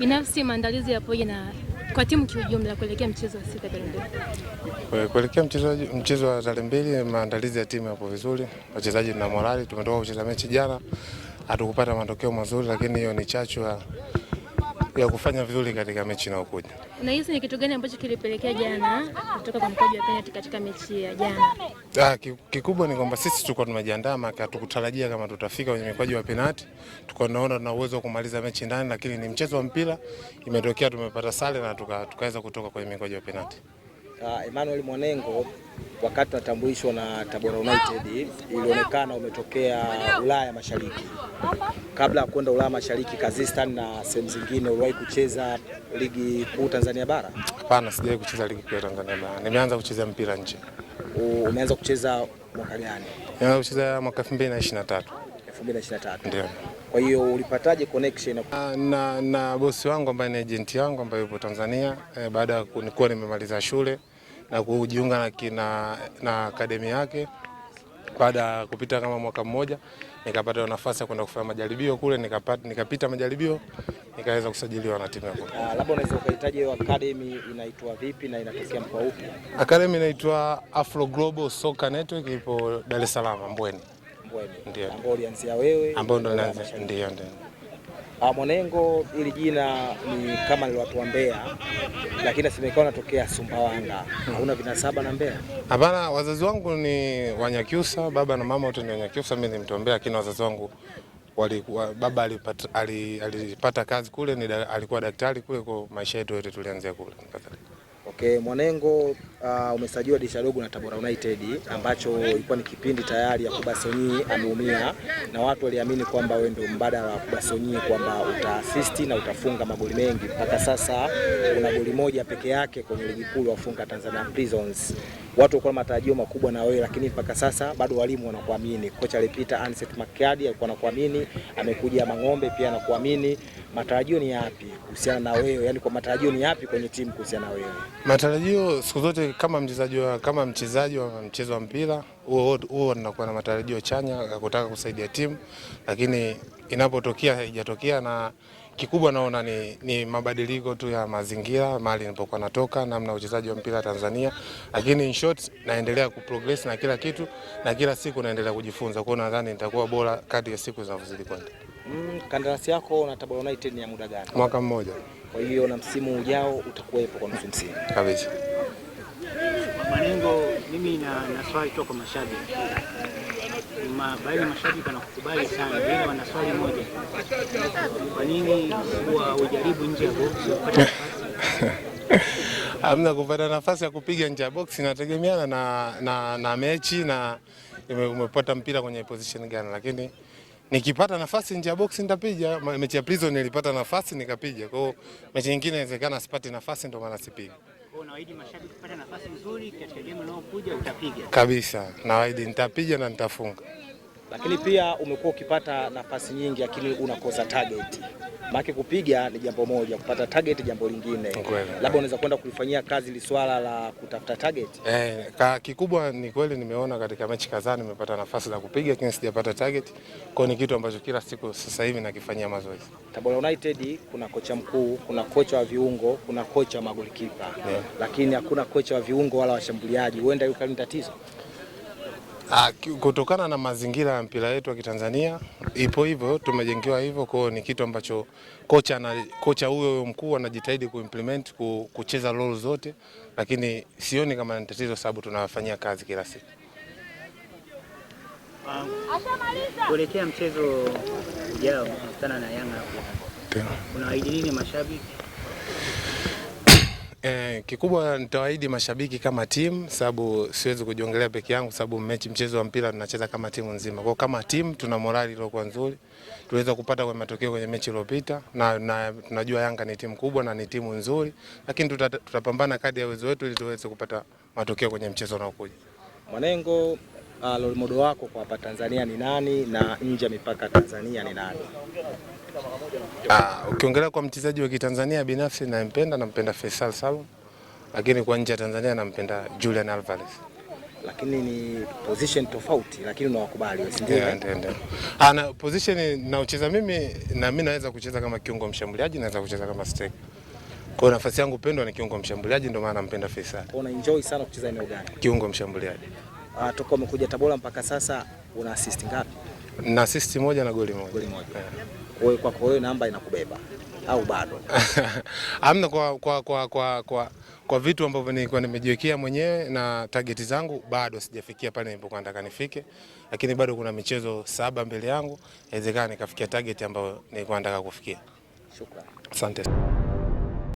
Binafsi maandalizi yapoje na kwa timu kiujumla kuelekea mchezo wa sita tarehe mbili? Kuelekea mchezo mchezo wa tarehe mbili, maandalizi ya timu yapo vizuri, wachezaji na morali. Tumetoka kucheza mechi jana, hatukupata matokeo mazuri, lakini hiyo ni chachu ya ya kufanya vizuri katika mechi inayokuja. Unahisi ni kitu gani ambacho kilipelekea jana kutoka kwa mkoaji wa penalty katika mechi ya jana? Ah, kikubwa ni kwamba sisi tulikuwa tumejiandaa maka tukutarajia kama tutafika kwenye mkoaji wa penalty. Tulikuwa tunaona tuna uwezo wa kumaliza mechi ndani, lakini ni mchezo wa mpira, imetokea tumepata sare na tukaweza tuka kutoka kwenye mkoaji wa penalty uh, Emmanuel Mwanengo wakati unatambulishwa na Tabora United ilionekana umetokea Ulaya Mashariki. Kabla ya kwenda Ulaya Mashariki, Kazistan na sehemu zingine, uliwahi kucheza ligi kuu Tanzania bara? Hapana, sijawahi kucheza ligi kuu Tanzania bara, nimeanza kucheza mpira nje. Umeanza kucheza mwaka gani? Nimeanza kucheza mwaka 2023. 2023. Ndio. Kwa hiyo ulipataje connection ah, na, na bosi wangu ambaye ni agent yangu ambaye yupo Tanzania eh, baada ya kuwa nimemaliza shule na kujiunga na, na akademi yake. Baada ya kupita kama mwaka mmoja, nikapata nafasi ya kwenda kufanya majaribio kule, nikapata nikapita majaribio, nikaweza kusajiliwa na timu ya yako. Ah, labda unaweza ukahitaji hiyo academy inaitwa vipi na inatokea mkoa upi? Academy inaitwa Afro Global Soccer Network, ipo Dar es Salaam Mbweni. Mbweni. Ndio. Ambayo ulianzia wewe? Ambao ndo ndio ndio. Mwanengo ili jina ni kama ni watu wa Mbeya, lakini asemekana natokea Sumbawanga. Hmm. Hauna vinasaba na Mbeya? Hapana, wazazi wangu ni Wanyakyusa, baba na mama wote ni Wanyakyusa. Mimi ni mtu wa Mbeya, lakini wazazi wangu walikuwa, baba alipata, alipata kazi kule ni, alikuwa daktari kule, kwa maisha yetu yote tulianzia kule. Okay, Mwanengo uh, umesajiliwa dirisha dogo na Tabora United ambacho ilikuwa ni kipindi tayari ya Kubasonyi ameumia na watu waliamini kwamba wewe ndio mbadala wa Kubasonyi kwamba utaasisti na utafunga magoli mengi. Mpaka sasa una goli moja peke yake kwenye ligi kuu wafunga Tanzania Prisons. Watu walikuwa na matarajio makubwa na wewe, lakini mpaka sasa bado walimu wanakuamini. Kocha alipita Anset Makiadi alikuwa anakuamini, amekuja Mang'ombe pia anakuamini. Matarajio ni yapi kuhusiana na wewe? Yaani kwa matarajio ni yapi kwenye timu kuhusiana na wewe? Matarajio siku zote kama mchezaji wa kama mchezaji wa mchezo wa mpira huo huo ninakuwa na matarajio chanya ya kutaka kusaidia timu, lakini inapotokea haijatokea, na kikubwa naona ni, ni mabadiliko tu ya mazingira mahali nilipokuwa natoka, namna uchezaji wa mpira Tanzania. Lakini in short, naendelea kuprogress na kila kitu na kila siku naendelea kujifunza, kwa hiyo nadhani nitakuwa bora kadri ya siku zinavyozidi kwenda. Mm, kandarasi yako na Tabora United ni ya muda gani? Mwaka mmoja. Kwa hiyo na msimu ujao utakuwepo kwa nusu msimu. Kabisa. Malengo mimi na, na swali toka mashabiki Ma, baadhi ya mashabiki wanakukubali sana, wengine wana swali moja, kwa nini huwa ujaribu nje ya box? Hamna kupata nafasi ya kupiga nje ya box, inategemeana na, na, na mechi na umepata mpira kwenye position gani, lakini nikipata nafasi nje ya box nitapiga. Mechi ya Prison nilipata nafasi nikapiga, kwa hiyo mechi nyingine inawezekana sipati nafasi, ndio maana sipiga. Unawaahidi mashabiki kupata nafasi nzuri katika game unaokuja utapiga kabisa? Nawaahidi nitapiga na nitafunga lakini pia umekuwa ukipata nafasi nyingi, lakini unakosa target. Maana kupiga ni jambo moja, kupata target jambo lingine. Labda unaweza kwenda kulifanyia kazi ile swala la kutafuta target. Eh, kikubwa ni kweli, nimeona katika mechi kadhaa nimepata nafasi za kupiga, lakini sijapata target. Kwa ni kitu ambacho kila siku sasa hivi nakifanyia mazoezi. Tabora United kuna kocha mkuu, kuna kocha wa viungo, kuna kocha wa magolikipa, yeah. Lakini hakuna kocha wa viungo wala washambuliaji, huenda yuko ni tatizo Ah, kutokana na mazingira ya mpira wetu wa Kitanzania ipo hivyo, tumejengewa hivyo. Kwa ni kitu ambacho kocha na kocha huyo huyo mkuu anajitahidi kuimplement kucheza role zote, lakini sioni kama ni tatizo, sababu tunawafanyia kazi kila siku kuelekea mchezo ujao kukutana na Yanga. Unawaahidi nini mashabiki? Eh, kikubwa nitawaahidi mashabiki kama timu, sababu siwezi kujiongelea peke yangu, sababu mechi, mchezo wa mpira tunacheza kama timu nzima. Kwa kama timu tuna morali iliyokuwa nzuri, tuweza kupata kwa matokeo kwenye mechi iliyopita, na tunajua Yanga ni timu kubwa na ni timu nzuri, lakini tutapambana kadi kadri ya uwezo wetu ili tuweze kupata matokeo kwenye mchezo unaokuja. Mwanengo uh, role model wako kwa hapa Tanzania ni nani na nje ya mipaka Tanzania ni nani? Uh, ukiongelea uh, kwa mchezaji wa Kitanzania binafsi nampenda, nampenda Faisal Salum, lakini kwa nje ya Tanzania nampenda Julian Alvarez lakini ni position tofauti, lakini unawakubali wewe, si ndio? Yeah, ndio. Ah, na position naocheza mimi, na mimi naweza kucheza kama kiungo mshambuliaji, naweza kucheza kama striker. Kwa nafasi yangu pendwa ni kiungo mshambuliaji, ndio maana nampenda Faisal. Kwa Una enjoy sana kucheza eneo gani? Kiungo mshambuliaji. Uh, ah, toka umekuja Tabora mpaka sasa una assist ngapi? Na assist moja na goli moja. Goli moja. Wewe Kwako wewe namba inakubeba au bado? Amna kwa, kwa, kwa, kwa, kwa, kwa vitu ambavyo nilikuwa nimejiwekea mwenyewe na target zangu bado sijafikia pale nilipokuwa nataka nifike, lakini bado kuna michezo saba mbele yangu, inawezekana nikafikia target ambayo nilikuwa nataka kufikia. Shukrani. Asante.